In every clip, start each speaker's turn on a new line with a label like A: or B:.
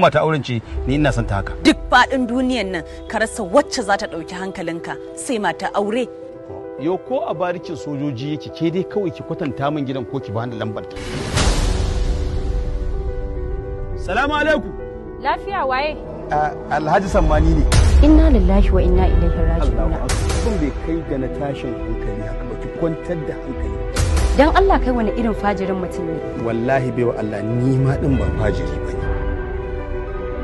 A: mata auren ce ni ina son ta haka duk
B: faɗin duniyan nan ka rasa wacce za ta ɗauki hankalinka sai mata aure yo ko a
A: barikin sojoji yake ke dai kawai ki kwatanta min gidan ko ki bani lambar ta salamu alaikum
C: lafiya waye
A: alhaji sammani
D: ne inna lillahi wa inna ilaihi raji'un
A: kun bai kai ga na tashin hankali haka ba ki kwantar da hankali
E: dan Allah kai wani irin fajirin mutum ne
A: wallahi baiwa Allah ni ma din ba fajiri bane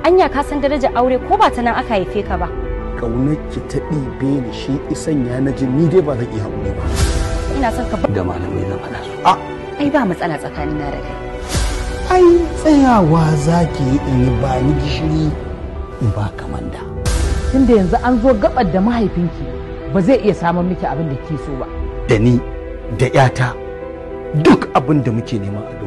E: anya ka san darajar aure ko ba ta nan aka haife ka ba
A: ki ta ɗibe ni shi isan ya naji ni dai ba zan iya haƙuri ba
E: ina son ka da malamai zan faɗa su ai ba matsala tsakanin na da kai
A: ai tsayawa zaki in ba ni gishiri in ba kamanda
E: tunda yanzu an zo gabar da mahaifinki ba zai iya samun miki abin da ke so ba
A: da ni da 'yata duk abin da muke nema a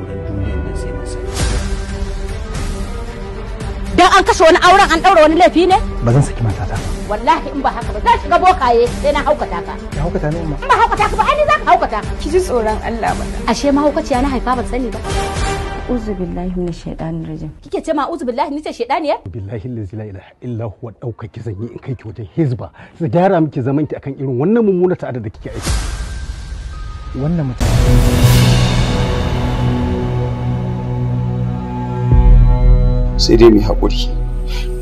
D: an kashe wani auren an ɗaura wani laifi ne
E: ba zan saki matata
D: ba wallahi in ba haka ba zai shiga bokaye sai na haukata ka
E: ya haukata ne ma in ba
D: haukata ka ba ai za ka haukata ki ji tsoron Allah ba ashe ma haukaciya na haifa ba sani ba uzu billahi min shaitani rajim kike ce ma uzu billahi ni shaitani ya
A: billahi la ilaha illa huwa dauka ki zanyi in kai ki wajen hizba su gyara miki zamanki akan irin wannan mummunar ta'ada da kike aiki wannan mutum sai dai mai haƙuri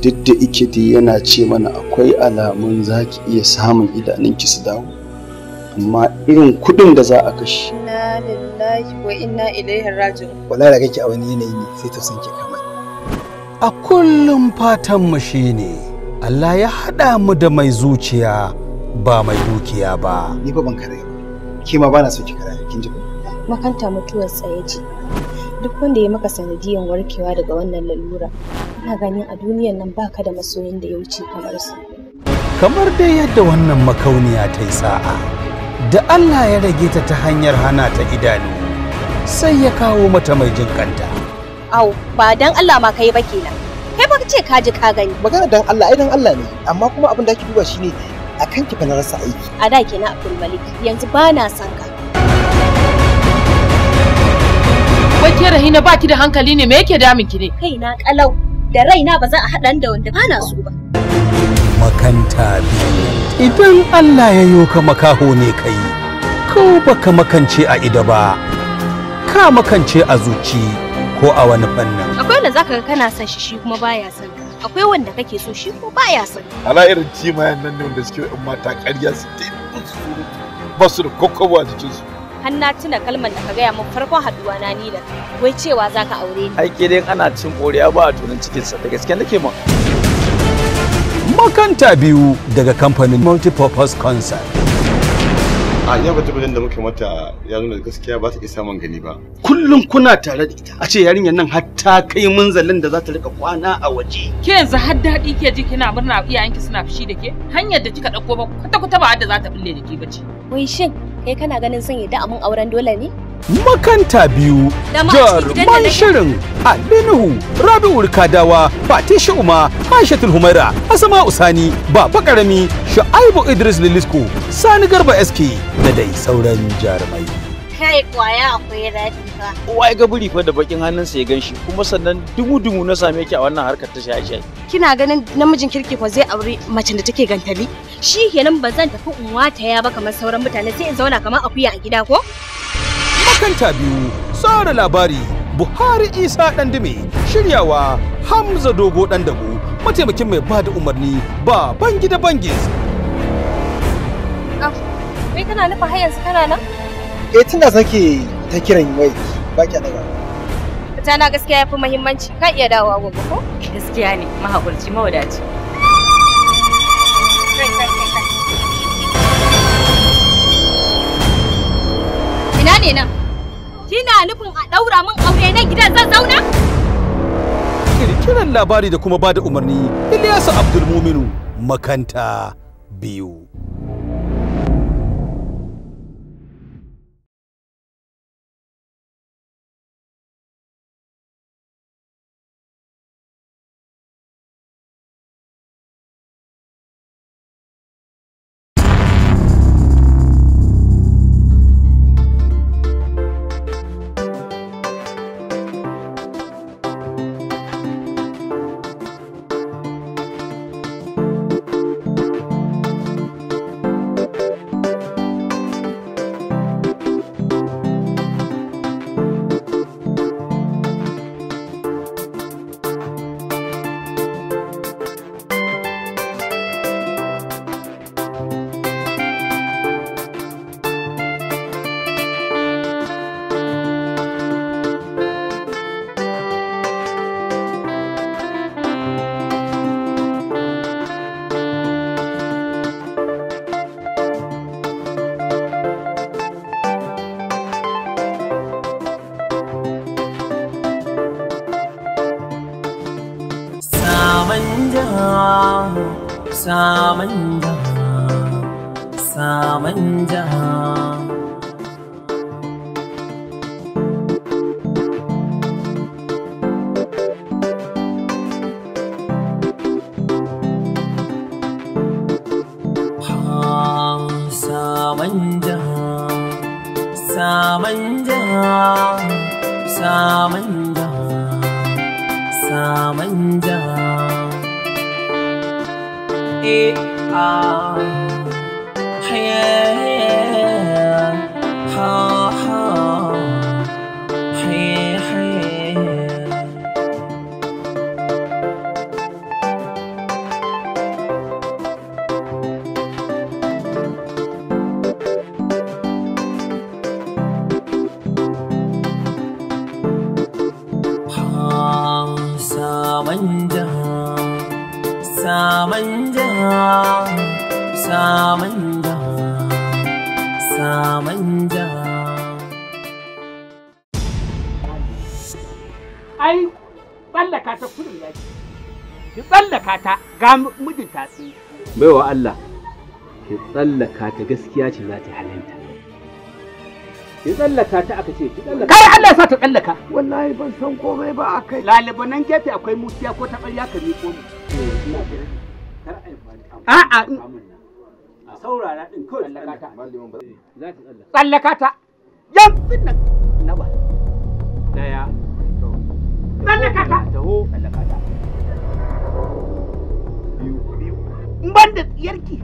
A: duk da ike dai yana ce mana akwai alamun za ki iya samun idanunki su dawo amma irin kuɗin da za a kashe
D: inna lillahi wa inna ilaihi raji'un
A: wala da kake a wani yanayi ne sai ta san ki kamar a kullum fatan mu shine Allah ya haɗa mu da mai zuciya ba mai dukiya ba ni fa ban kare ba ke ma bana so ki karaya kin ji ba.
D: makanta mutuwar tsaye ce duk wanda ya maka sanadiyan warkewa daga wannan lalura ina ganin a duniyan nan baka da masoyin da ya wuce kamar su
A: kamar dai yadda wannan makauniya ta yi sa'a da Allah ya rage ta ta hanyar hana ta idanu sai ya kawo mata mai jin kanta
D: au ba dan Allah ma kai ba kenan kai ba ce ka ji ka gani
E: magana dan Allah ai dan Allah ne amma kuma abin da ake duba shine akan ki fa na rasa aiki
D: a da kenan Abdul Malik yanzu ba
B: na san ka
D: ke rahina ba ki da hankali ne me yake damun ki ne na kalau da raina ba za a haɗa da wanda bana so ba
A: makanta idan Allah ya yo ka makaho ne kai ko baka makance a ido ba ka makance a zuci ko a wani fannin
D: akwai wanda zaka ga kana son shi shi kuma baya son akwai wanda kake so shi ko baya son
A: ala irin cimayen nan ne wanda suke yan mata ƙarya su ba su da
F: kokowa jikinsu
D: har na tuna kalmar da ka gaya min farkon haduwa na ni da wai cewa zaka aure
F: ni ai dai ana cin ɓoriya ba a tunan cikin sa da gaske nake ma
A: makanta biyu daga kamfanin multipurpose concert a iya batubulin da muke mata yarinyar gaskiya ba ta isa man gani ba kullum kuna tare da ita a ce yarinyar
E: nan har ta kai munzalin da za ta rika kwana a waje
D: ke yanzu har daɗi ke ji kina murna
E: iyayenki suna fushi da ke hanyar da kika ɗauko ba kwata-kwata ba da za ta bulle da ke bace
D: wai shin kai kana ganin sun yi da auren dole ne
A: makanta biyu jaruman shirin alinuhu rabi'ul kadawa fati shi'uma aishatul humaira asama usani baba karami Shu'aibu idris lilisko sani garba sk da dai
F: sauran jarumai
D: kai kwaya akwai ka.
F: Uwa ya ga buri fa da bakin hannunsa ya ganshi kuma sannan dumu dumu na same ki a wannan harkar ta shaye shaye
D: kina ganin namijin kirki fa zai aure macen da take gantali shi kenan ba zan tafi unwa ta ya ba kamar sauran mutane sai in zauna kamar akuya a gida ko
A: makanta biyu tsara labari Buhari Isa Dandime shiryawa Hamza Dogo Dandago mataimakin mai ba da umarni ba bangi da bangis.
D: Ah, kana nufa har yanzu kana nan?
A: e tunda nake ta kiran wai ba ki daga
D: ta na gaskiya yafi muhimmanci ka iya dawowa gobe ko gaskiya ne mahaƙurci mawadaci ina ne nan kina nufin a ɗaura min aure na gidan zan zauna
A: kirkiran labari da kuma bada umarni Ilyasu Abdulmuminu
G: makanta biyu
H: samanja sa samanja
E: baiwa Allah ki tsallaka ta gaskiya ce za ta halinta ki tsallaka ta aka ce ki tsallaka kai Allah ya sa ta tsallaka wallahi ban san komai ba akai laliban nan gefe akwai musiya ko ta ƙarya ka miko mu a'a a saurara din kawai tsallaka ta tsallaka ta yanzu nan na ba daya tsallaka ta taho tsallaka ta biyu in ban da tsiyarki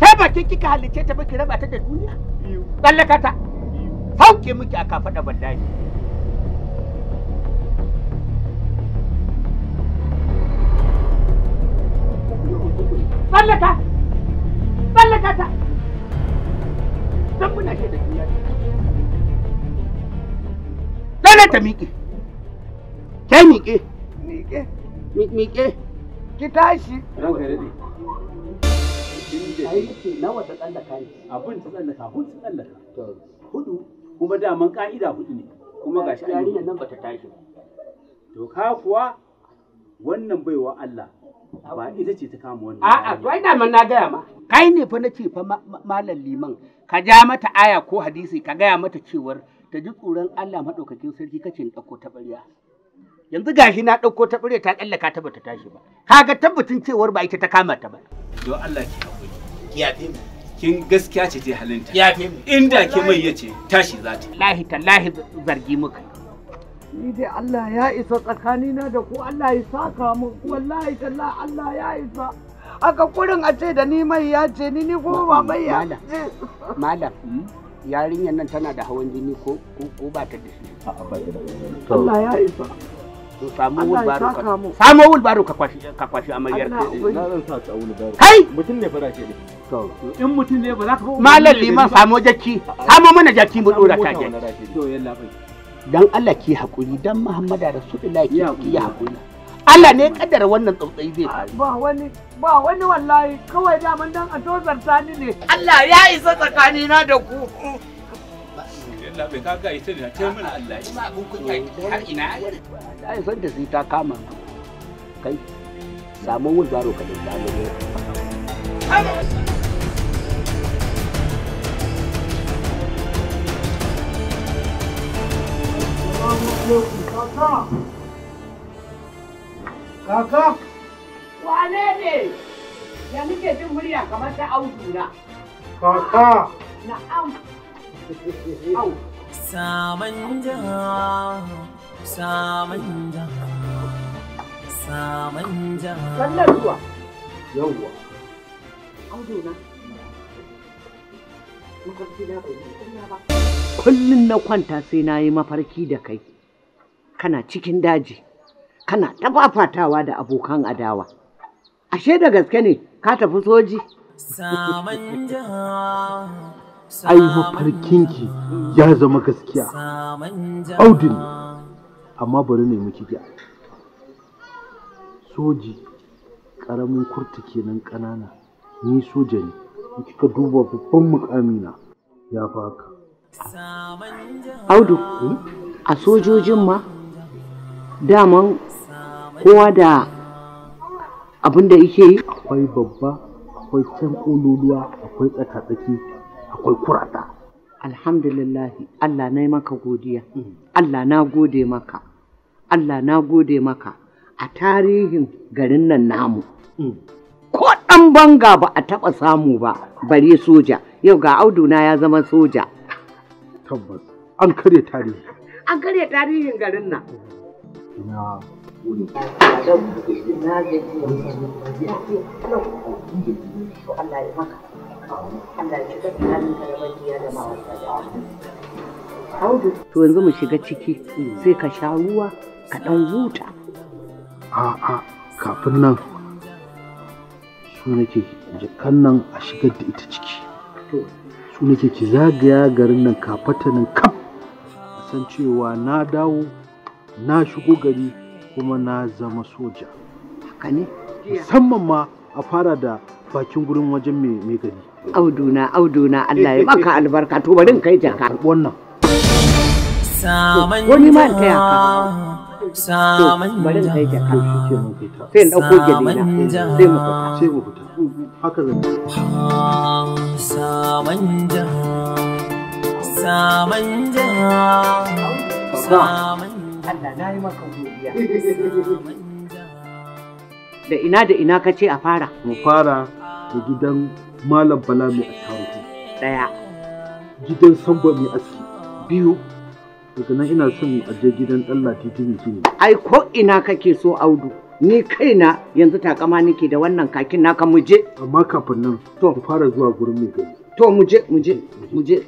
E: kai ba ke kika halice ta ba raba ta da duniya tsallakata ta sauke miki a kafaɗa wallahi tsallaka tsallakata don muna shi da duniya lana ta miƙe kai miƙe miƙe miƙe ki tashi ranka daɗe ai ce nawa ta tsallaka ne abin ta tsallaka hudu ta tsallaka hudu kuma daman ka'ida hudu ne kuma gashi yarinyar nan bata tashi to ka kuwa wannan baiwa Allah ba ita ce ta kama wannan a'a to ai daman na gaya ma kai ne fa nace fa malam liman ka ja mata aya ko hadisi ka gaya mata cewar ta ji tsoron Allah madaukakin sarki kace in dauko ta bariya yanzu gashi na ɗauko ta ɓure ta tsallaka ta bata tashi ba kaga tabbatin cewar ba ita ta kama ta ba don Allah ki haƙuri ki yafe mu kin gaskiya ce ce halinta ta mu inda ke mai yace tashi za ta lahi tallahi zargi muka
B: ni dai Allah ya isa tsakanina da ku Allah ya saka mu wallahi tallahi Allah ya isa aka kurin a ce da ni mai ya ce ni ni ko ba mai ya
E: malam yarinyar nan tana da hawan jini ko ba ta da shi Allah ya isa to samu wulbaro ka samu ka kwashi ka kwashi amaryar ka kai mutum ne fara to in
F: mutum ne ba za ka malam liman samu
E: jakki samu mana jakki mu dora ta jakki to yalla bai dan Allah ki hakuri dan Muhammadu Rasulullahi ki hakuri Allah ne kaddara wannan tsautsayi zai
B: Ba wani ba wani wallahi kawai daman dan a tozarta ni ne. Allah ya isa tsakanina da ku.
E: Allah bai kaga ita ne ta mana Allah ya har ina san da ta kama kai samu wulbaro ka da
F: Allah
C: Kaka!
B: Wane ne? Ya nike jin murya kamar ta auduna.
H: Kaka! Au! Saman
B: Kullum na kwanta sai na yi mafarki da kai. Kana cikin daji, kana tafafatawa da abokan adawa. Ashe da gaske ne ka
H: tafi soji. Saman jaha. ai mafarkinki
A: ya zama gaskiya audin amma bari ne miki ga soji ƙaramin kurti kenan ƙanana ni soja ne kika duba babban mukamina ya faka
B: audu hmm? a sojojin ma daman kowa da abin da yake yi akwai babba akwai can ƙololuwa akwai tsaka-tsaki akwai kurata alhamdulillah Allah na yi maka godiya Allah na gode maka Allah na gode maka a tarihin garin nan namu ko ɗan banga ba a taɓa samu ba bare soja yau ga auduna ya zama soja tabbas an karya tarihi an karya tarihin garin nan na Allah ya maka To yanzu mu shiga ciki sai ka sha ruwa ka ɗan huta.
A: A'a kafin nan su nake jikan nan a shigar da ita ciki. Su nake ki zagaya garin nan kafata nan san cewa na dawo na shigo gari kuma na zama soja. Haka ne? Musamman ma a fara da
B: bakin gurin wajen mai gari. Auduna, auduna, Allah ya maka albarka to bari kai jaka. Wannan.
H: Wani ma ta yaka Bari kai jaka. Sai in ɗauko gidina sai mu fita. Sai mu fita. Haka zan Samanja. Samanja.
B: Da ina da ina ka ce a fara? Mu fara da gidan malam bala mai attarugu ɗaya gidan Sambo mai
A: aski biyu daga nan ina son a je gidan ɗan latiti mai fili
B: ai ko ina kake so audu ni kaina yanzu takama nake da wannan kakin naka mu je amma kafin nan to fara zuwa gurin mai gari to mu je mu je mu je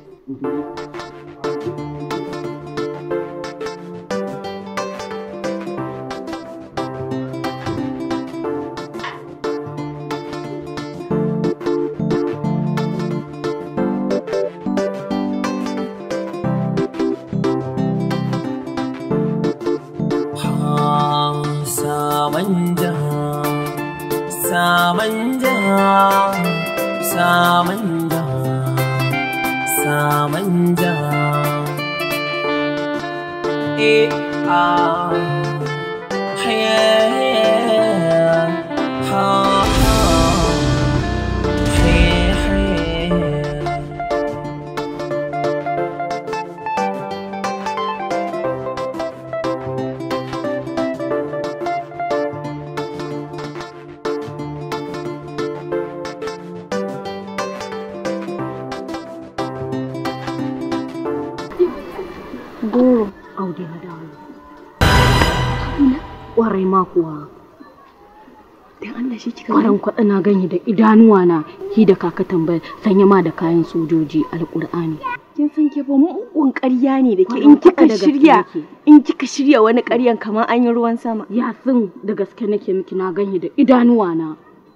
D: na gani da idanuwa na ki da kaka tambaya sanya ma da kayan sojoji alkur'ani kin san ke ba mun ƙarya ne da ke in kika shirya in kika shirya wani ƙaryan kamar an yi ruwan sama ya sun da gaske nake miki na gani da idanuwa na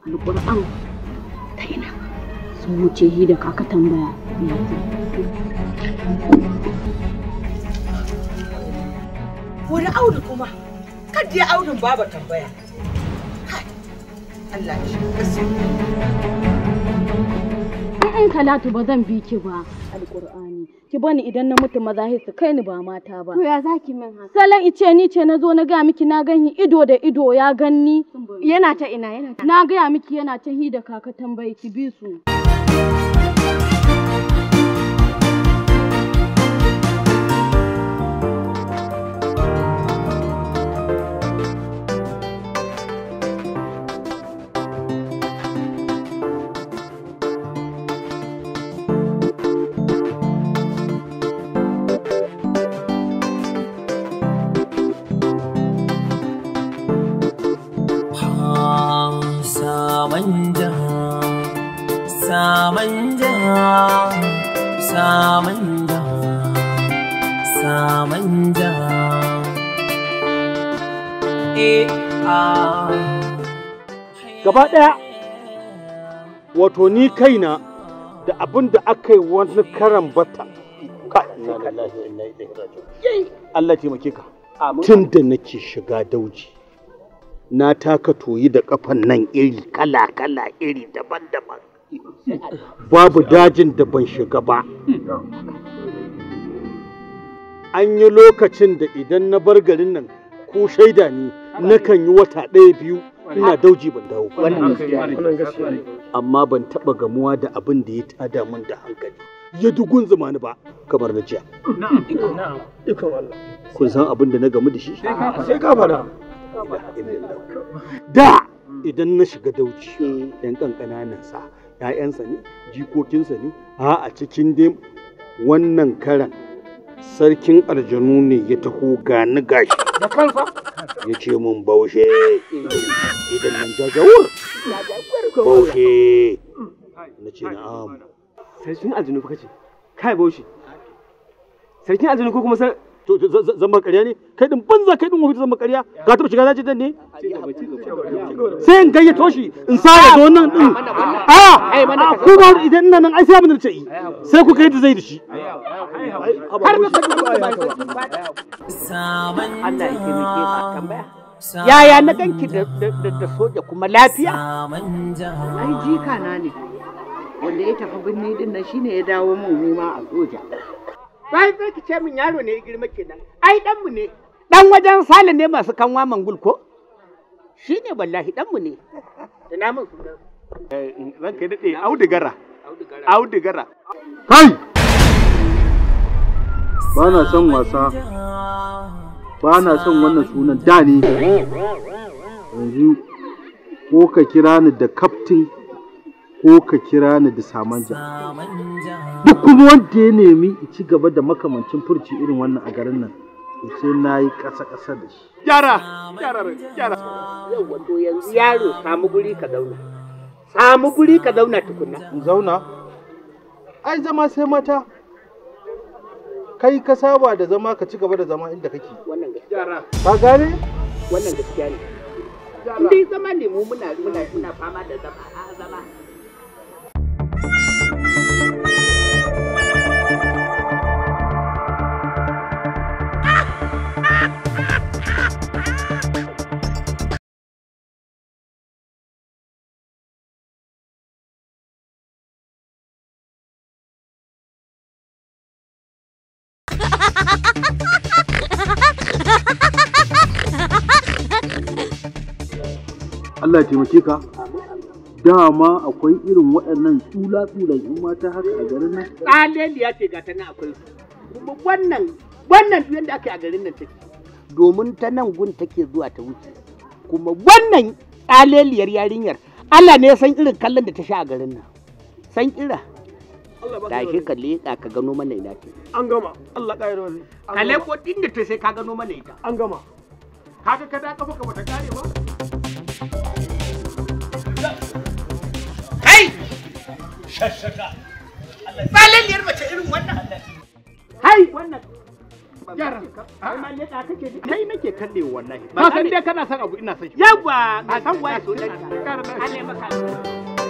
D: alkur'an ta ina sun wuce hi da kaka tambaya
B: wani auri kuma kada ya aurin baba tambaya Allah
D: ya kalatu ba zan bi ki ba alƙur'ani ki bani idan na mutu maza su kai ni ba mata ba to ya zaki min haka salan ice ni ce na zo na gaya miki na ganyi ido da ido ya ganni yana ta ina yana ta na gaya miki yana ta hi da kaka tambayi ki bi su
H: samanja samanja gaba ɗaya
A: wato ni kaina da abin da aka yi wani karan bata Allah taimake
E: ka tun
A: da nake shiga dauji na taka toyi da kafan nan iri
E: kala-kala iri daban-daban
A: babu dajin da ban shiga ba an yi lokacin da idan na bar garin nan ko shaida ni nakan yi wata ɗaya biyu ina dauji ban dawo amma ban taɓa gamuwa da abin da ya tada min da hankali ya dugun zamani ba kamar na jiya kun san abin da na gamu da shi sai ka fara da idan na shiga dauci yan eh. kankana nan sa 'ya'yansa ne jikokinsa ne a a cikin dai wannan karan sarkin aljanu ne ya taho gani gashi da ya ce mun baushe idan nan jajawur
G: baushe
F: na ce na na'am sarkin aljanu fa kace kai baushe sarkin aljanu ko kuma to zama ƙarya ne kai din banza kai din wani zama ƙarya ga ta shiga zaje dan ne sai in gayyato shi in sa da wannan din
E: a ku ba idan ina nan ai sai mun ce sai ku kai da zai da shi
H: har ba sabon Allah ya taimake ka ya yaya na
B: ganki da soja kuma lafiya ai jika na ne wanda ya tafi birni din nan shine ya dawo mun ma a soja
E: bayan zai ki ce min yaro ne ya girma kenan ai ɗanmu ne
B: ɗan wajen sale ne masu kanwa
E: mangul ko shi ne wallahi ɗanmu ne da namun sunan zan
A: eh, kai daɗe audigara audigara kai ba na son wasa ba na son wannan sunan da ne yanzu ko ka kira ni da kaftin ko ka kira ni da samanja duk kuma wanda ya nemi ci gaba da makamancin furci irin wannan a garin nan sai na yi ƙasa-ƙasa da shi
H: yara
E: yara yara yau wato yanzu yaro samu guri ka zauna samu guri ka zauna tukuna in zauna ai zama sai mata
A: kai ka saba da zama ka ci gaba da zama inda kake wannan gaskiya Ba gane
E: wannan gaskiya ne in dai zama ne mu muna muna fama da zama a zama
A: Allah ya taimake ka dama akwai
E: irin waɗannan tsula-tsulan in mata haka a garin nan tsaleliya ce ga ta nan akwai kuma wannan wannan yadda ake a garin nan take domin ta nan gun take zuwa ta wuce kuma wannan tsaleliyar yarinyar Allah ne ya san irin kallon da ta sha a garin nan san ira da shi ka leƙa ka gano mana ina ke an gama Allah ƙayar wani ka leƙo dinga ta sai ka gano mana ita an gama kaga ka da kafa ka bata kare ba kai shashaka tsaliliyar mace irin wannan hai wannan gyara amma ne da kake ji kai nake kalle wallahi ba san dai kana san abu ina san shi yawa ka san waye so ne ka maka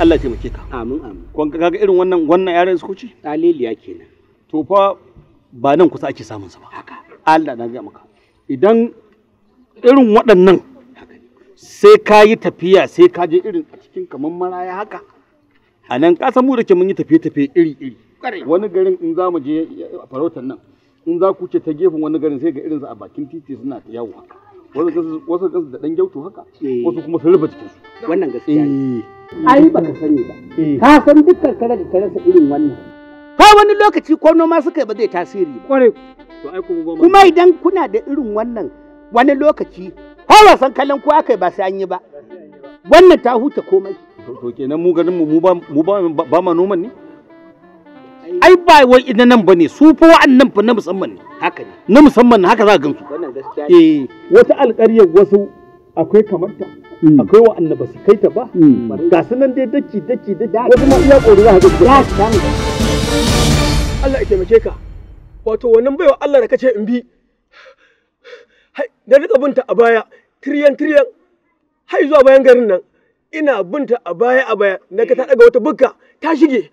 A: Allah ya taimake ka amin amin kun ga irin wannan wannan yaren su kuci daliliya kenan to fa ba nan kusa ake samun sa ba haka Allah na ga maka idan irin waɗannan sai ka yi tafiya sai ka je irin a cikin kamar maraya haka a nan ka san mu da ke mun yi tafiye-tafiye iri-iri wani garin in za mu je farautar nan in za ku ce ta gefen wani garin
E: sai ga irinsa a bakin titi suna yawo haka wasu kansu da ɗan gyautu haka eh. wasu kuma su rufe cikinsu. wannan gaskiya ne eh. ai ba ka sani ba eh. ka san dukkan kare da kare su irin wannan fa wani lokaci ko noma suka yi ba zai tasiri ba kuma idan kuna da irin wannan wani lokaci ko wasan kallon ko aka ba sai an yi ba wannan ta huta komai to kenan mu ganin mu ba mu ba ma noman ne
A: ai ba wai idan nan bane su fa wa'annan fa na musamman ne haka ne na musamman haka za ka gansu wannan gaskiya eh wata alƙaryar wasu akwai kamar ta Hmm. akwai wa'anda ba su kai ta ba hmm. ga su nan dai daki daki daki wasu ma iya ƙoro za ka ga
F: Allah ya taimake ka wato wannan baiwa Allah da kace in bi da rika binta a baya tiriyan tiriyan hai zuwa bayan garin nan ina binta a baya a baya na ka ta daga wata bukka ta shige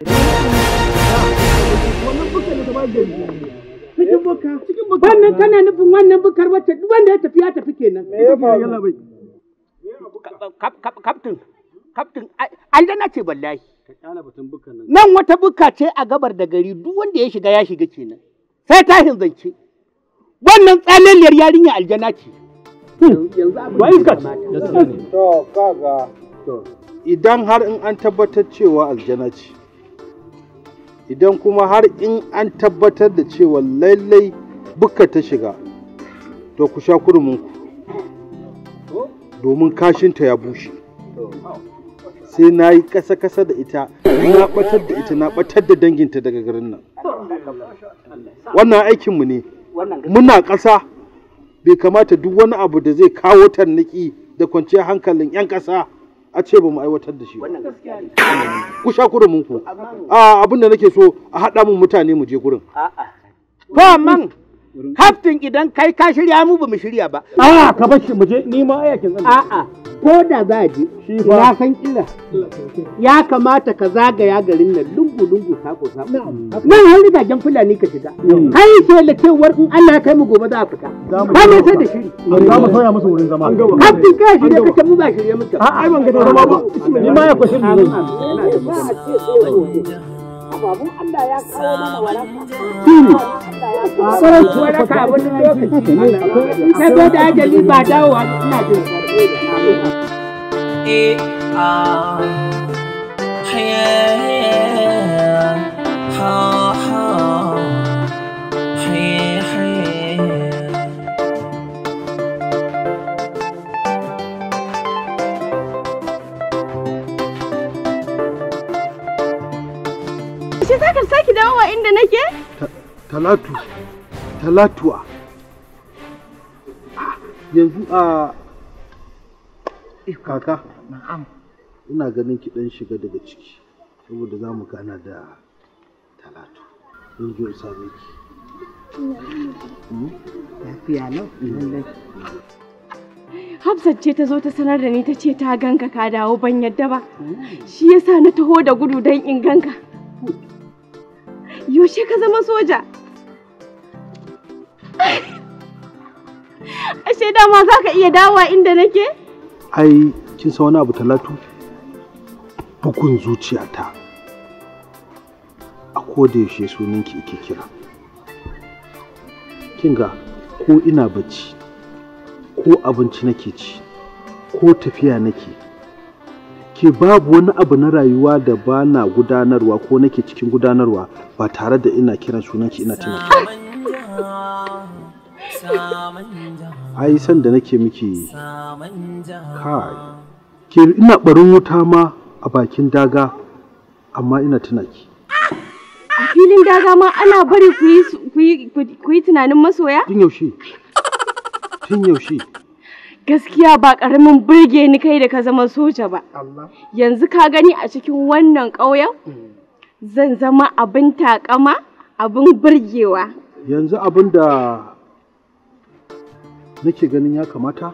F: wannan bukka ne ta bayan gari cikin bukka cikin bukka wannan kana
E: nufin wannan bukkar wacce wanda ya tafi ya tafi kenan me ya faru Kaftin, kaftin, aljana ce wallahi. Nan wata buka ce a gabar da gari duk wanda ya shiga ya shiga kenan. Sai tashin zance. Wannan tsaleliyar yarinya aljana ce. Hmm.
A: Idan har in an tabbatar cewa aljana ce. Idan kuma har in an tabbatar da cewa lallai buka ta shiga, to ku sha kurminku. domin kashinta ya bushe sai na yi kasa-kasa da ita na batar da ita na batar da danginta daga garin nan
E: wannan aikinmu ne muna
A: ƙasa bai kamata duk wani abu da zai kawo tarniki da kwanciyar hankalin 'yan ƙasa a ce ba mu aiwatar da shi ku sha kurumin ku abin
E: da nake so a haɗa mun mutane mu je gurin. man! haftin idan kai ka shirya mu ba mu shirya ba a'a ka bar shi mu je ni ma ayakin zan a'a ko da za a je na san kila ya kamata ka zagaya garin nan lungu lungu sako sako
G: nan
E: har rigagen fulani ka shiga kai ce da cewar in Allah ya kai mu gobe za a fita ba mai sai da shiri za mu sauya
F: masa wurin zama Haftin ka
E: shirya kake mu ba shirya muka a'a ai ban ga zama ba
F: ni ma ya kwashe ni
H: babu Allah ya kawo mana waraka. waraka abin
E: lokaci ne. Na zo da ajali ba dawowa ina jin
H: Eh, ah, yeah, ah.
D: saki saki dawowa inda nake?
A: Talatu, talatuwa. Ah, yanzu a ah, eh, kaka, ina ganin ki dan shiga daga ciki, saboda za mu gana da
B: talatu. Zan ji in same ki.
D: Hmm? Hmm. Hafsat ce ta zo ta sanar da ni ta ce ta ganka ka dawo ban yadda ba. Hmm. Shi yasa na taho da gudu don in ganka. Yaushe ka zama soja? Ashe dama za ka iya dawa inda nake?
A: Ai, kin san wani abu talatu? Bugun zuciyata a yaushe sunanki ike kira. Kin ga ko ina bacci, ko abinci nake ci, ko tafiya nake, ke babu wani abu na rayuwa da ba na gudanarwa ko nake cikin gudanarwa ba tare da ina kiran sunanki ina taimaka. Ai san da nake miki kai ke ina barin wuta ma a bakin daga amma ina tunaki. ki.
D: A filin daga ma ana bari ku yi tunanin masoya? Tun yaushe. Tun yaushe. gaskiya ba ƙaramin burge ni kai da ka zama soja ba yanzu ka gani a cikin wannan ƙauyen mm. zan zama abin takama abin burgewa
A: yanzu abin da nake ganin ya kamata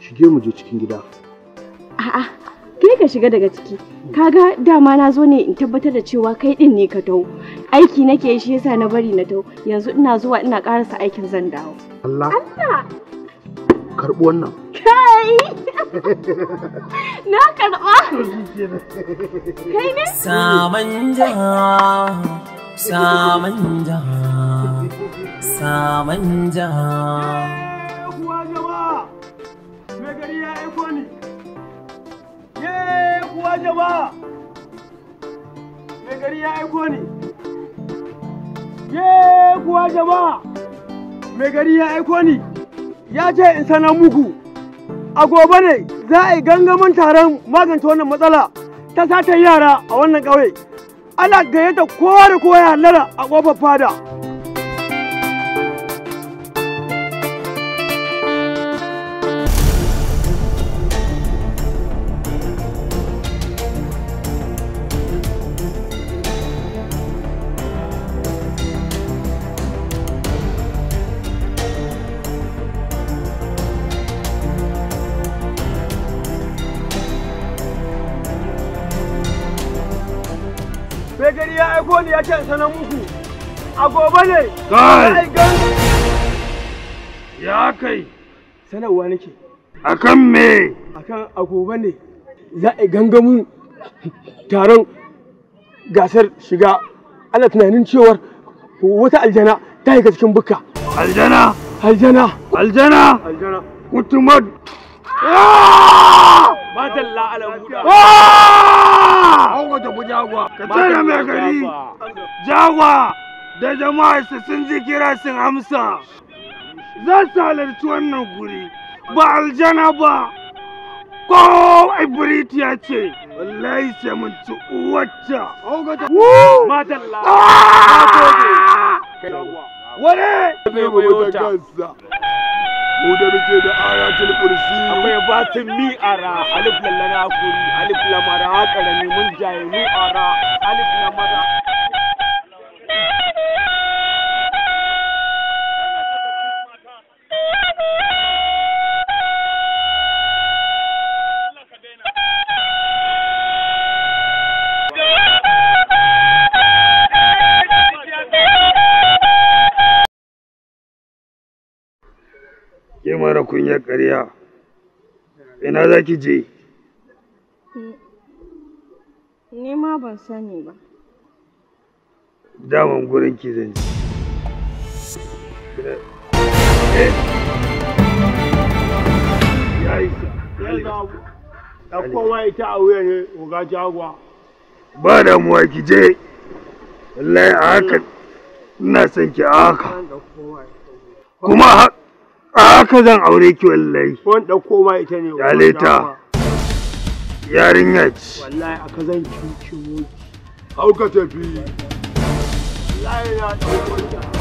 A: shige mu je cikin gida
D: a'a kai ka shiga daga ciki mm. kaga dama na zo ne in tabbatar da cewa kai din ne ka tau aiki nake shi yasa na bari na tau yanzu ina zuwa ina karasa aikin zan dawo Allah Allah
A: karbi wannan
D: Na karɓa. Kai ne?
H: Samanja, samanja, samanja.
F: Eh, kuwa jama'a, gari ya aiko ni. Eh, kuwa jama'a, mai gari ya aiko ni. Eh, kuwa gari ya aiko ni. Ya ce in sanar muku. a gobe ne za a yi gangamin taron magance wannan matsala ta satan yara a wannan ƙauye ana gayyata kowa da kowa ya hallara a ƙofar fada. ya ce sanar muku a gobe ne kai ya kai sanarwa nake akan me akan a gobe ne za a gangamu taron gasar shiga ana tunanin cewar wata aljana ta yi cikin bukka aljana aljana aljana aljana kutumar ah! madalla alahuda ah! an tafi jagwa ka tana mai gari
C: jagwa da jama'a sun ji kira sun amsa zan salarci wannan guri ba aljana ba ko ibrit ya ce wallahi sai mun ci uwata
F: madalla ah! wane da nake da ayatul kursi akwai ba su mi ara alif lallana kuri alif lamara karami mun jaye mi ara alif lamara
C: Ke mara kunyar ƙarya. Ina za ki je?
D: Ni ma ban sani ba.
C: Daman gurin ki zan eh.
G: Ya isa. Ya
A: kowa ita a wuyan ne, ga jagwa.
C: Ba damuwa ki je. Wallahi a haka ina son ki a haka. Kuma haka. haka zan aure ki wallahi
A: ko da koma ita ne ya ta
G: yarinya
C: ce
F: wallahi aka zan ki ki hauka tafi wallahi na dauko ta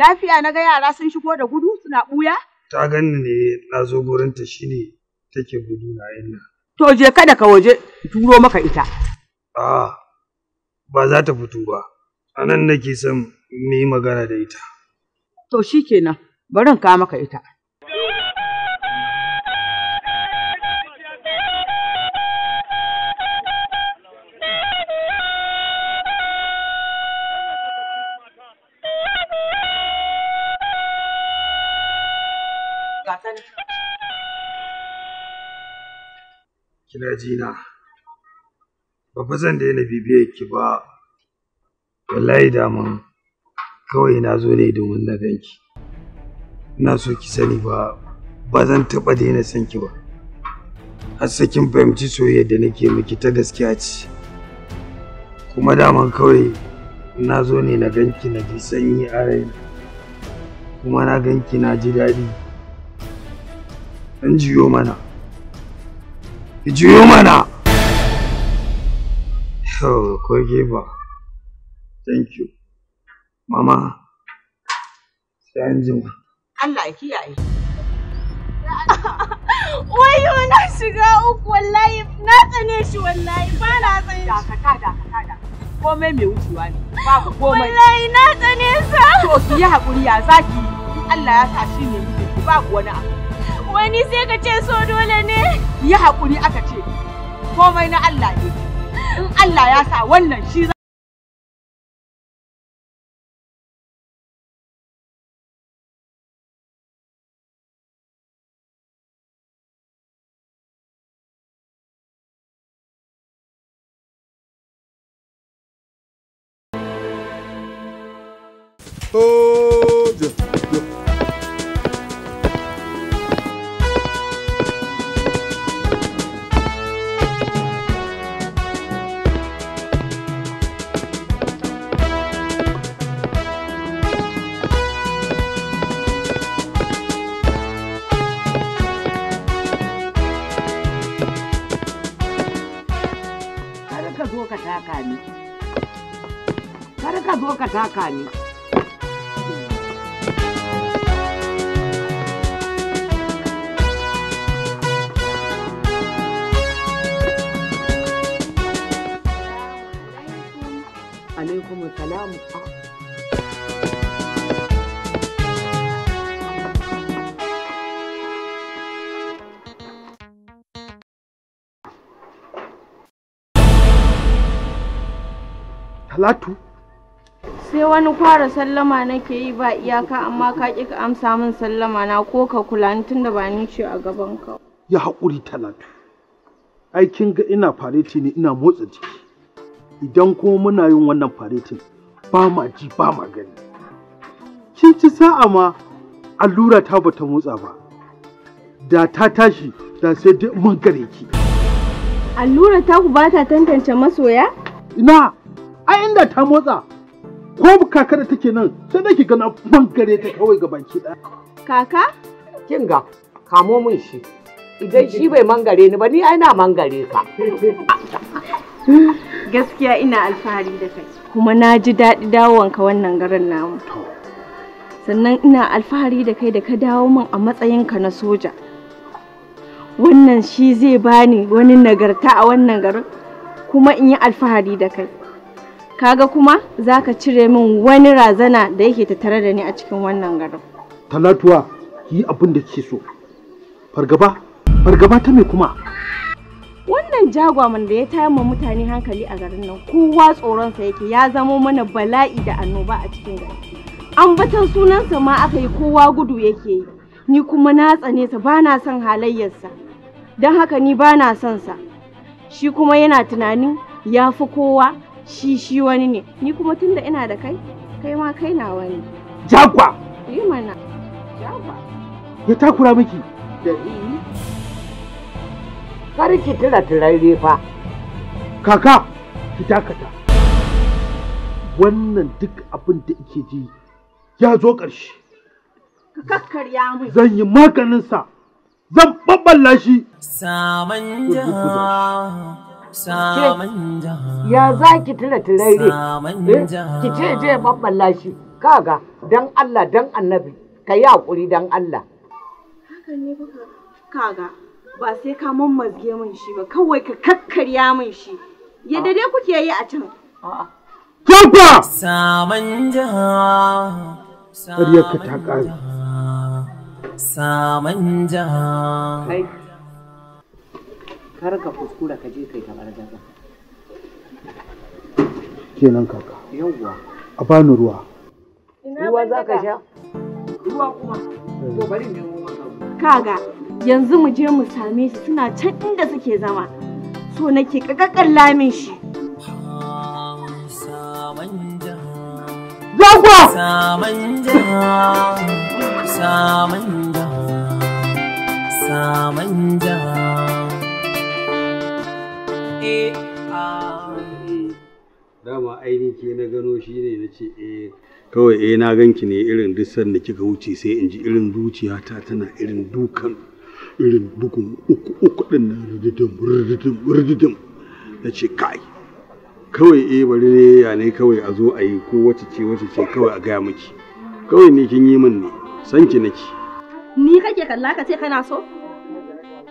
D: Lafiya na ga yara sun shigo da gudu suna buya.
G: Ta ganni ne
C: na zo gurinta shi ne take gudu na yin
B: To je kada ka waje turo maka ita.
C: A ba za ta fito ba, anan nake son mu yi magana da ita.
B: To shi kenan, barin ka maka ita.
C: na, ba fi zan daina bibiyar ki ba. Wallahi daman kawai na zo ne domin na gan ki. Ina so ki sani ba ba zan taɓa daina son ki ba. Har sai fahimci soyayyar da nake miki ta gaskiya ce. Kuma daman kawai na zo ne na gan ki na ji sanyi a rai Kuma na gan ki na ji daɗi. An jiyo mana. ki juyo mana yau ko gefa thank you mama sai an jima
D: Allah ya kiyaye wayo na shiga uku wallahi na tsane shi wallahi ba
B: na tsane shi dakata dakata da
D: komai mai wucewa ne ba ku komai wallahi na tsane sa to ki yi hakuri ya zaki
B: Allah ya sa shi ne ba ku wani abu Wani sai ka ce so dole ne? Yi haƙuri aka ce, komai na Allah ne. In Allah ya sa wannan shi
F: Talatu.
D: Sai wani kwara sallama nake yi ba iyaka amma ka ƙi ka amsa min sallama na ko ka kula ni tunda ba ni ce a gaban ka.
A: Ya haƙuri Talatu. Ai kin ga ina fareti ne ina motsa jiki. Idan kuma muna yin wannan faretin ba ma ji ba ma gani. Kin ci sa'a ma allura ta bata motsa ba. Da ta tashi da sai dai mun gare ki.
D: Allura ta ku ba ta tantance masoya? Ina a inda ta motsa ko kaka da take nan
B: sai nake gana gare ta kawai ga baki ɗaya. Kaka? ga, kamo min shi. Idan shi bai mangare ni ba ni ai na mangare ka.
D: Gaskiya ina alfahari da kai. Kuma na ji daɗi dawowanka wannan garin namu. Sannan ina alfahari da kai da ka dawo min a matsayinka na soja. Wannan shi zai bani wani nagarta a wannan garin kuma in yi alfahari da kai. kaga kuma za ka cire min wani razana da yake tattare da ni a cikin wannan garin
A: talatuwa yi abin da ke so fargaba fargaba ta me kuma
D: wannan jagwaman da ya tayar ma mutane hankali a garin nan kowa tsoronsa yake ya zama mana bala'i da annoba a cikin gari ambatan sunansa ma aka yi kowa gudu yake yi ni kuma na tsane sa ba na son halayyarsa don haka ni ba na son sa shi kuma yana tunanin ya fi kowa shi shi wani ne ni kuma tunda ina da kai kai ma kai na wani jagwa yi mana jagwa
B: ya takura miki da ni kar ki tira turare fa
A: kaka ki dakata wannan duk abin da ike ji ya zo ƙarshe
H: ka kakkarya mu zan
A: yi maganin sa
B: zan babballa shi
H: saman jiha
B: ya za ki tuna turare eh, ki ce je
H: babbala shi
B: kaga dan Allah dan annabi ka yi haƙuri dan Allah
D: haka ne kaga ba sai ka mammazge min shi ba kawai ka kakkarya min shi yadda dai kuke yi a can
H: Kyauta! Saman jiha, saman jiha, saman jiha.
B: kar ka kuskura ka je kai kamar daga kenan kaka yawwa a bani ruwa ruwa za ka sha ruwa kuma to bari ne kaga
D: yanzu mu je mu same shi suna can inda suke zama so nake kakakkan lamin
H: shi Yawwa! Samanja, samanja, samanja.
A: dama ainihi na gano shi ne na ce eh kawai eh na ganki ne irin duk da kika wuce sai in ji irin zuciyata tana irin dukan irin bugun uku uku din na
C: rididim rididim
A: rididim na ce kai kawai eh bari ne ya ne kawai a zo a yi ko wace ce wace ce kawai a gaya miki kawai ne kin yi min ne sanki nake
D: ni kake kalla ka ce kana so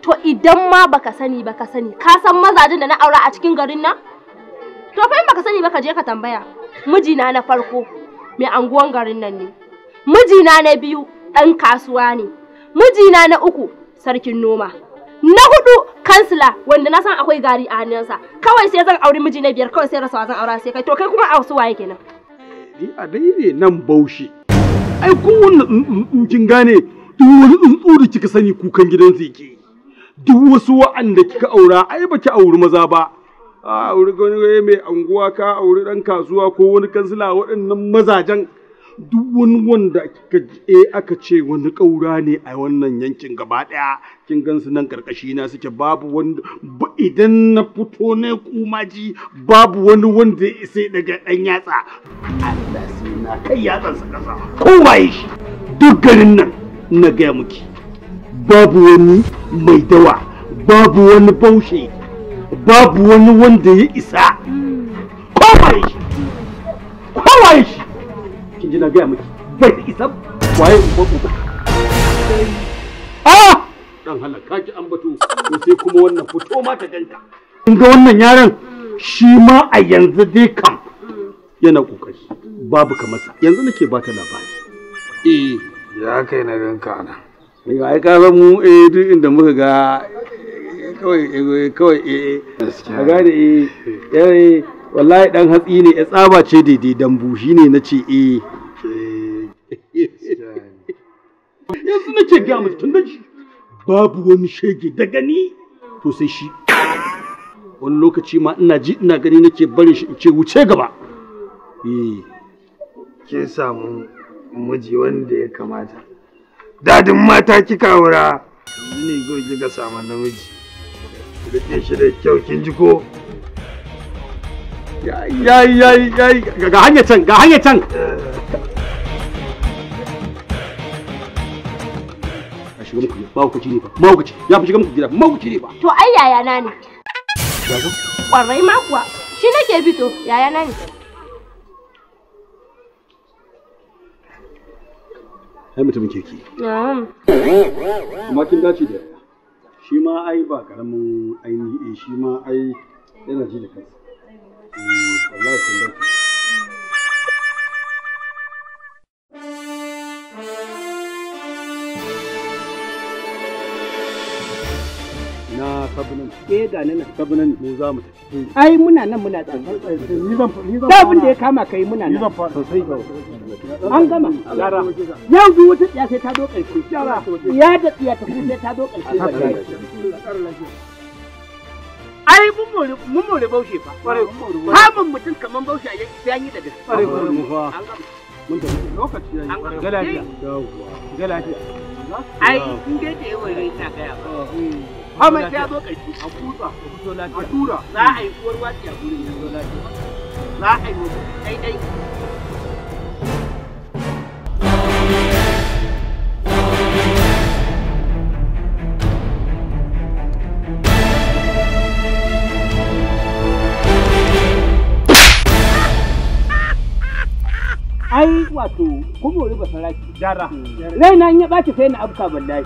D: To idan ma baka sani baka sani, ka san mazajin da na aura a cikin garin nan? To fa in baka sani ba ka je ka tambaya. Mijina na farko mai anguwan garin nan ne. Mijina na biyu dan kasuwa ne. Mijina na uku sarkin noma. Na hudu kansila wanda na san akwai gari a hannunsa. Kawai sai zan auri miji na biyar kawai sai rasawa zan aura sai kai. To kai kuma a wasu waye kenan?
A: Ni a ne nan baushi. Ai wannan kin gane duk wani tsuntsu da kika sani kukan gidan yake duk wasu wa'anda kika aura ai baki auri maza ba a auri gani mai anguwa ka auri dan kasuwa ko wani kansila waɗannan mazajen duk wani wanda kika je eh, aka ce wani ƙaura ne a wannan yankin gaba ɗaya kin gan su nan karkashi na suke babu wanda idan na fito ne kumaji babu wani wanda ya isa daga ɗan yatsa Allah sai na kai yatsansa ƙasa kowaye shi duk garin nan na gaya miki babu wani mai dawa babu wani baushe babu wani wanda ya isa kowaye shi kowaye shi kin ji na gaya miki bai da isa waye uba uba
F: ah dan halaka ki ambato to sai kuma wannan fito ma ta danka
A: kin ga wannan yaron shi ma a yanzu dai kam yana kokari babu sa yanzu nake ba ta labari
C: eh ya kai na ganka nan
A: yau ai ka san mu eh duk inda muka ga
C: kawai eh, kawai eh a gane eh
A: yayi wallahi dan hatsi ne ya tsaba ce daidai dambu shine nace eh
F: yanzu
A: nake ga mutum tun da babu wani shege da gani to sai shi wani lokaci ma ina ji ina gani nake barin shi in ce wuce gaba
C: eh kin samu miji wanda ya kamata dadin mata kika wura yanzu ne kawai ga samu namiji rike shi da kyau kin ji ko yayi
A: yayi yayi ga hanyar can ga hanyar can a shiga muku ba ku ci ne ba ma ku ci ya fi shiga muku gida ma ku ci ne ba
D: to ai yaya na ne kwarai ma kuwa shi nake bito, yaya na ne
A: ai mutumin kirki amma kin dace da shi ma ai ba karamin ainihi shi ma ai yana ji da kansa
G: eh, wallahi kin dace
E: na kabinan eh ga nan kabinan mu za mu tafi ai muna nan muna tsantsan ni zan ni zan abin da ya kama kai muna nan ni zan fa sosai an gama yara yau duk wata tsaya sai ta zo karshe yara ya da tsaya ta sai ta zo karshe wallahi ai mun mun more baushe fa ha mun mutun kaman baushe ya yaki sai an yi da fa an gama mun da lokaci ya yi ga lafiya ga lafiya ai in dai da yawan rai ta gaya ba oh, hmm. zo A A tura. Za a yi uwar a gurin ya zo lafiya. Za a yi wasu ai wato kuma wani basaraki jara raina in ya ɓaci sai na afka ballahi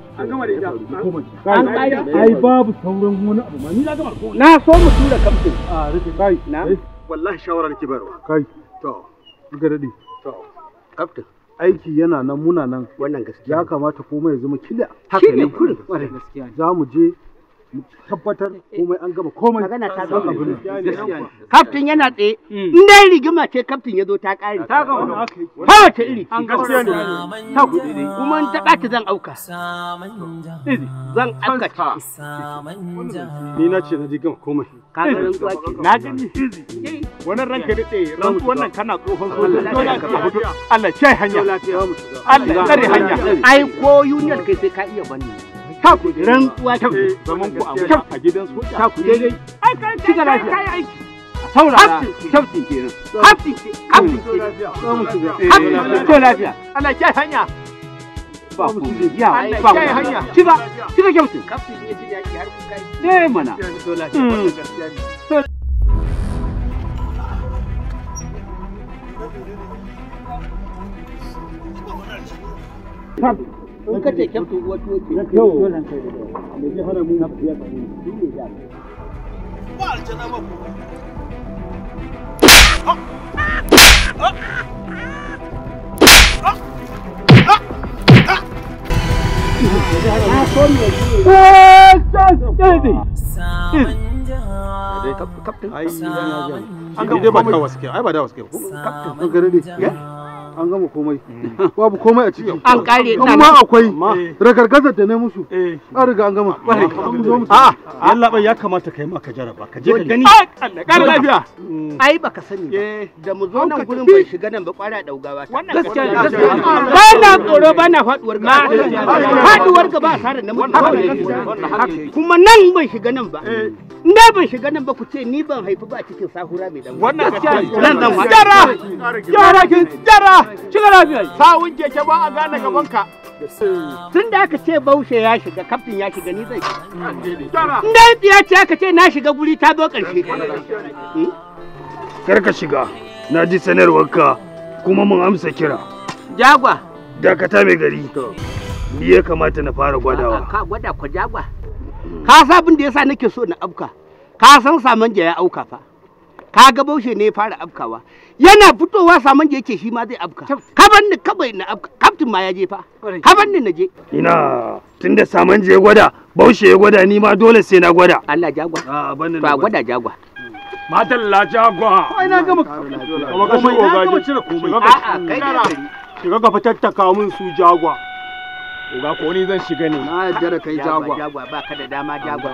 F: an gama ai
A: babu sauran wani abu ma ni na gama na so mu tura kamfe a rufe kai na eh? wallahi shawara nake bayarwa kai to ga dadi to aiki yana nan muna nan wannan gaskiya ya kamata komai ya zama kila
E: haka ne kurin gaskiya za mu je tabbatar komai an gama komai magana ta zama abin kaftin yana tsaye hmm. in dai rigima ce kaftin ya zo ta kare ta gama ta wace iri an gaskiya ne
H: ta gudu ne kuma in ta ɓata zan auka zan auka ni
A: na ce na rigima komai
E: ka ga rantsuwa ke na gani
H: wannan ranka da tsaye rantsuwan wannan kana kofar sojoji
E: Allah ce hanya Allah tsare hanya ai ko union kai sai ka iya banni ta ku ran uwa ta zaman ku a gidan su ta ku ai kai kai aiki saurara kenan ko lafiya Allah ya hanya ba ku ya ba ku hanya ci ba ci har ku kai ne mana to lafiya hmm. gaskiya ne in ka ce uwa
F: da mu shi ne ya ba aljana ko
A: Kapten, eh, eh, eh, ai, an da waske, ai ba da an gama komai mm. babu komai a ciki an kare ina amma akwai ragargazar da na musu eh. an riga an gama a ah, ah. yalla ya kamata kai ma ka jaraba
E: ka je gani kan lafiya mm. ai baka sani ba eh, da mu zo nan gurin bai shiga nan ba kwara daugawa gaskiya ba na tsoro ba na faduwar ka faduwar ka ba asarar na mutum kuma nan bai shiga nan ba eh. na ban shiga nan ba ku ce ni ban haifi ba cikin sahura mai dan wannan gaskiya nan dan jara jara jara shiga lafiya sawun keke ba a gane gaban ka tun da aka ce baushe ya shiga kaftin ya shiga ni zai in da ya ce aka ce na shiga guri ta zo ƙarshe hmm?
C: kar ka shiga na ji sanarwarka
E: kuma mun amsa kira jagwa
C: dakata mai gari ni ya kamata na
E: fara gwadawa ka gwada ku jagwa ka sabin da yasa nake so na afka ka san saman ya auka fa ka ga baushe ne ya fara afkawa yana fitowa saman da yake shi ma zai afka kaban ni kabai na afka kaftin ma ya je fa kaban ni na je ina
C: tunda saman je gwada baushe ya gwada ni ma dole sai na gwada Allah jagwa a bannin ba gwada jagwa
F: matan la jagwa ai na gama kuma ka shigo gaji cire komai a'a kai da
A: shiga ka tattaka min su jagwa
F: Uga ko ni zan
A: shiga ne. Na jara kai jagwa.
E: Jagwa ba ka da dama jagwa.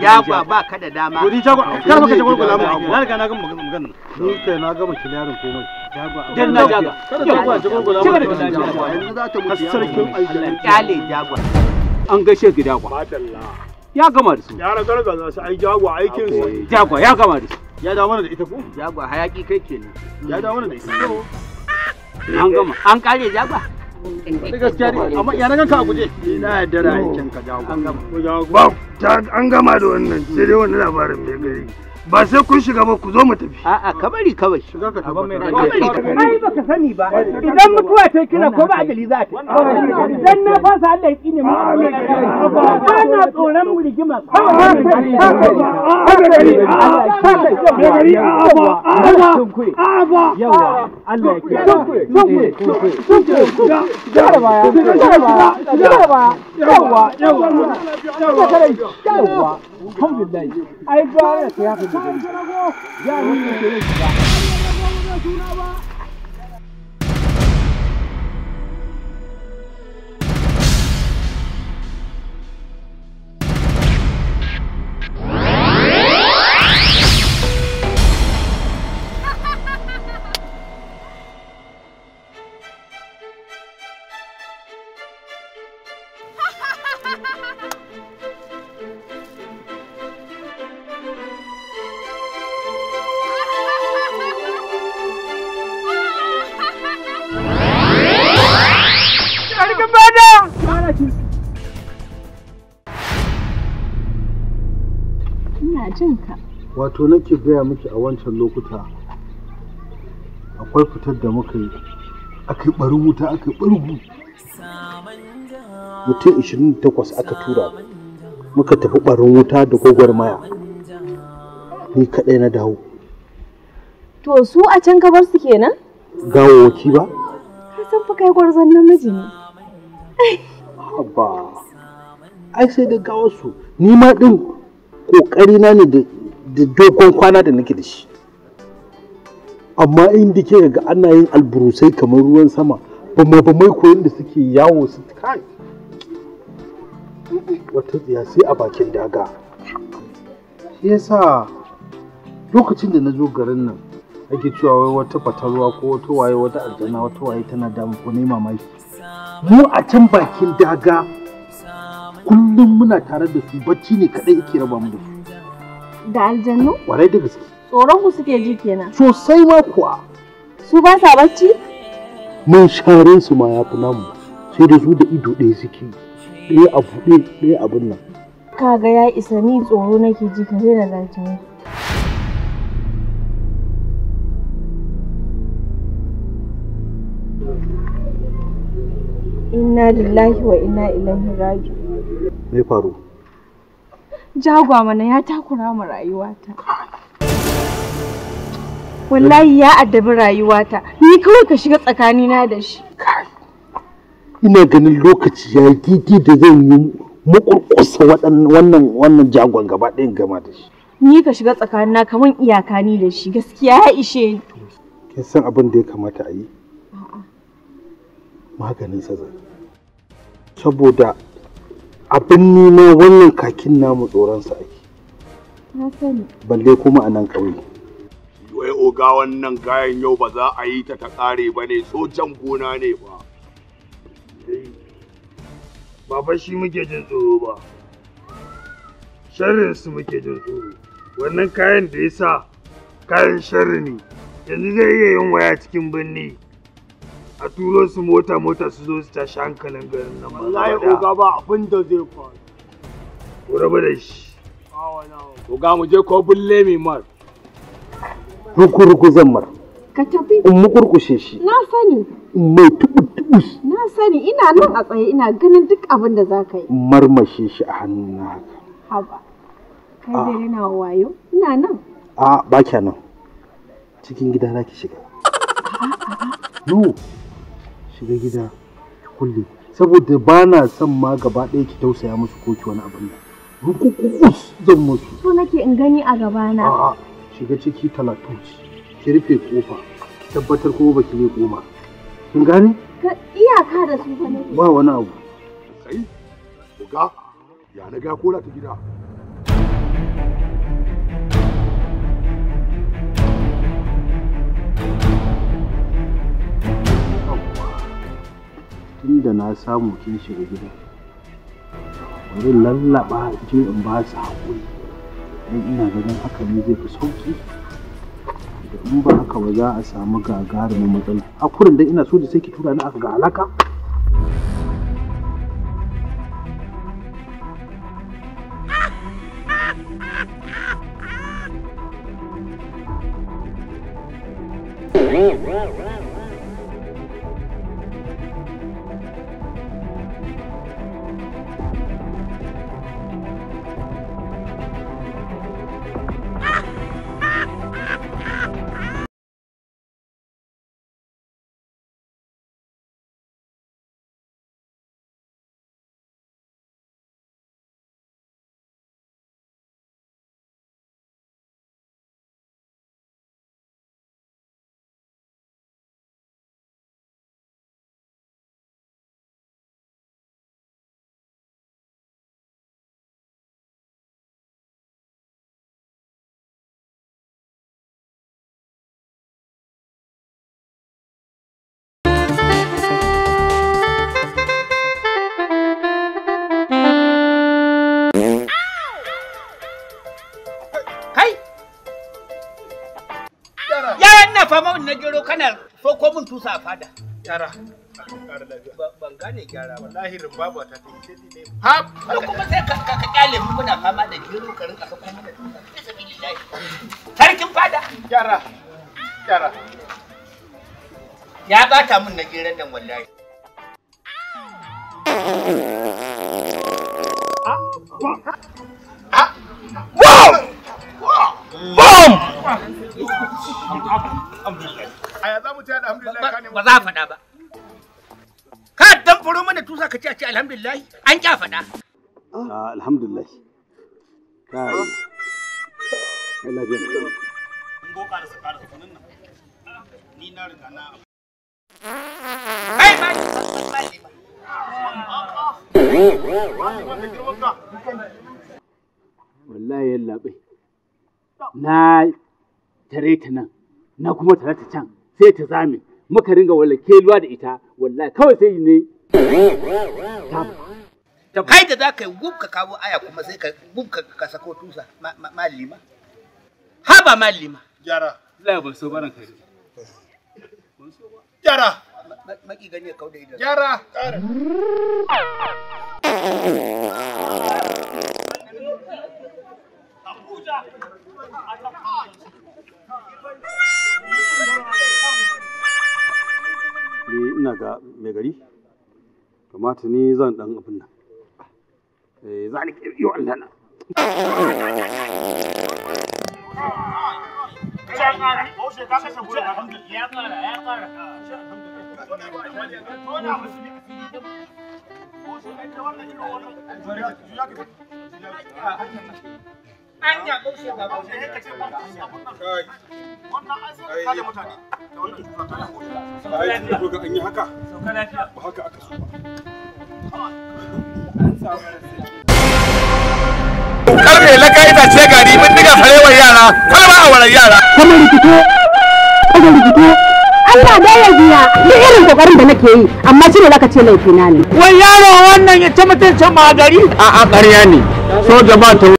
E: ya ba ba ka da dama kar mu na
A: magana ni kai na na mu yanzu za ta mutu sarkin aljanna kyale
F: an gaishe ki jago ya gama da su ya ragargaza
A: su ai jago
E: aikin su ya gama da su ya dawo mana da ita ko hayaki kai kenan ya dawo mana da ita an gama an kare gaskiya ne na
C: ka an gama da wannan sai dai wannan labarin bai gari ba sai kun shiga ba ku zo mu tafi a'a kabari kawai ba ka ba
E: baka sani ba idan mutuwa ta kira ko ba ajali za ta idan na fasa Allah ya tsine mu ba na tsoron mu rigima ba
G: a a mai gari a a ba a sun sun baya da baya
F: da baya yawa
G: alhamdulillah
F: ba
A: wato nake gaya miki a wancan lokuta akwai fitar da muka yi aka yi ɓarin wuta aka yi ɓarin mutum 28 aka tura muka tafi ɓarin wuta da gwagwarmaya ni kaɗai na dawo
D: to su a can gabar su kenan
A: gawawaki ba
D: san fa kai gwarzon namiji ne
A: haba ai sai da gawarsu ni ma ɗin ƙoƙari na ne da da dogon kwana da nake da shi amma in ke ga ana yin alburusai kamar ruwan sama ba ma ba mai koyon da suke yawo su kai wata tsiya sai a bakin daga shi yasa lokacin da na zo garin nan ake cewa wai wata fatalwa ko wata waye wata aljana wata waye tana damu ko ne mamaki mu a can bakin daga kullum muna tare da su bacci ne kadai yake raba mu da su
D: Da aljannu? Warai da gaske. Tsoron ku suke ji kenan.
B: Sosai
A: ma kuwa.
D: Su ba sa bacci?
A: Mun share su ma yafi namu. Sai da su da ido ɗaya suke. Ɗaya a buɗe ɗaya abin nan.
D: Kaga ya isa ni tsoro nake ji ka daina zancen. Inna lillahi wa inna ilaihi raji'un. Me faru? jagwa mana ya takura mu rayuwata wallahi ya addabi rayuwata ni kawai ka shiga tsakanina da shi
A: ina ganin lokaci ya yi da zan yi makurkusa wannan wannan jagon gaba ɗayan gama da shi
D: ni ka shiga tsakanina kamar iyaka ni da shi gaskiya ya ishe ni
A: kin san abin da ya kamata a yi maganin sa saboda abin nima wannan kakin namu tsoron sa ake balle kuma a nan ƙauye wai oga wannan kayan yau ba za a yi ta ta ƙare ba ne sojan gona ne ba
C: ba fa shi muke jin tsoro ba sharrin su muke jin tsoro wannan kayan da ya sa kayan sharri ne yanzu zai iya yin waya cikin birni a turo su mota mota su zo su tashi hankalin garin nan ba wallahi oga
F: ba abin da zai faru ku raba da shi oga mu je ko bulle mai mar
A: ruku zan mar ka tafi in mu shi
D: na sani
A: in mai tubu
D: tubu na sani ina nan a tsaye ina ganin duk abin da zaka yi
A: marmashe shi a haka
D: haba kai dai yana wayo ina nan
A: a ba nan cikin gida na ki shiga no shiga gida ki kulle saboda ba na son ma gaba ɗaya ki tausaya musu ko ki wani abin nan rukukukus zan musu
D: so nake in gani a gabana a'a
A: shiga ciki talatin ki rufe kofa ki tabbatar ko baki ne koma kin gane
D: ka iyaka da su fa ne
A: ba wani abu kai ga ya na ga kora ta gida thank you tun da na samu kin shiga gida bari lallaɓa je in ba su haƙuri don ina ganin haka ne zai fi sauƙi da in ba haka ba za a samu gagarumin matsala a da ina so da sai ki tura ni a ga alaka
E: kana so ko mun tusa a fada yara ban gane gyara wallahi ta tafi sai ne ha kuma sai ka ka kyale mu muna fama da gero ka rinka tusa sarkin fada yara yara ya bata mun na geran wallahi ah! Boom! aya za mu ci alhamdulillah ba za faɗa ba ka dan furo mana tusa ka ce a ce alhamdulillah an kya faɗa
A: ah, alhamdulillah Allah
G: ya nan na kai ba
F: wallahi
E: na tare ta nan na kuma tare ta can sai ta zame muka ringa wala keluwa da ita wallahi kawai sai ne ta kai da zaka gubka kawo aya kuma sai ka gubka ka sako tusa malima haba malima Jara! la ba so baran kai maki gani ka da idan
A: eh ina ga mai gari kamata ni zan dan abin nan
C: eh za ni yo Allah na
F: Thank you. an ya baushe ka ta yi ce gari mun diga farewar yara kalma a warar yara kuma rikito kuma rikito Allah da
E: ya biya ni irin ah, kokarin ah, da nake yi amma shi ne zaka ce laifina ne wai yaro wannan ya ta mutuncin magari a a ƙarya ne soja ba ta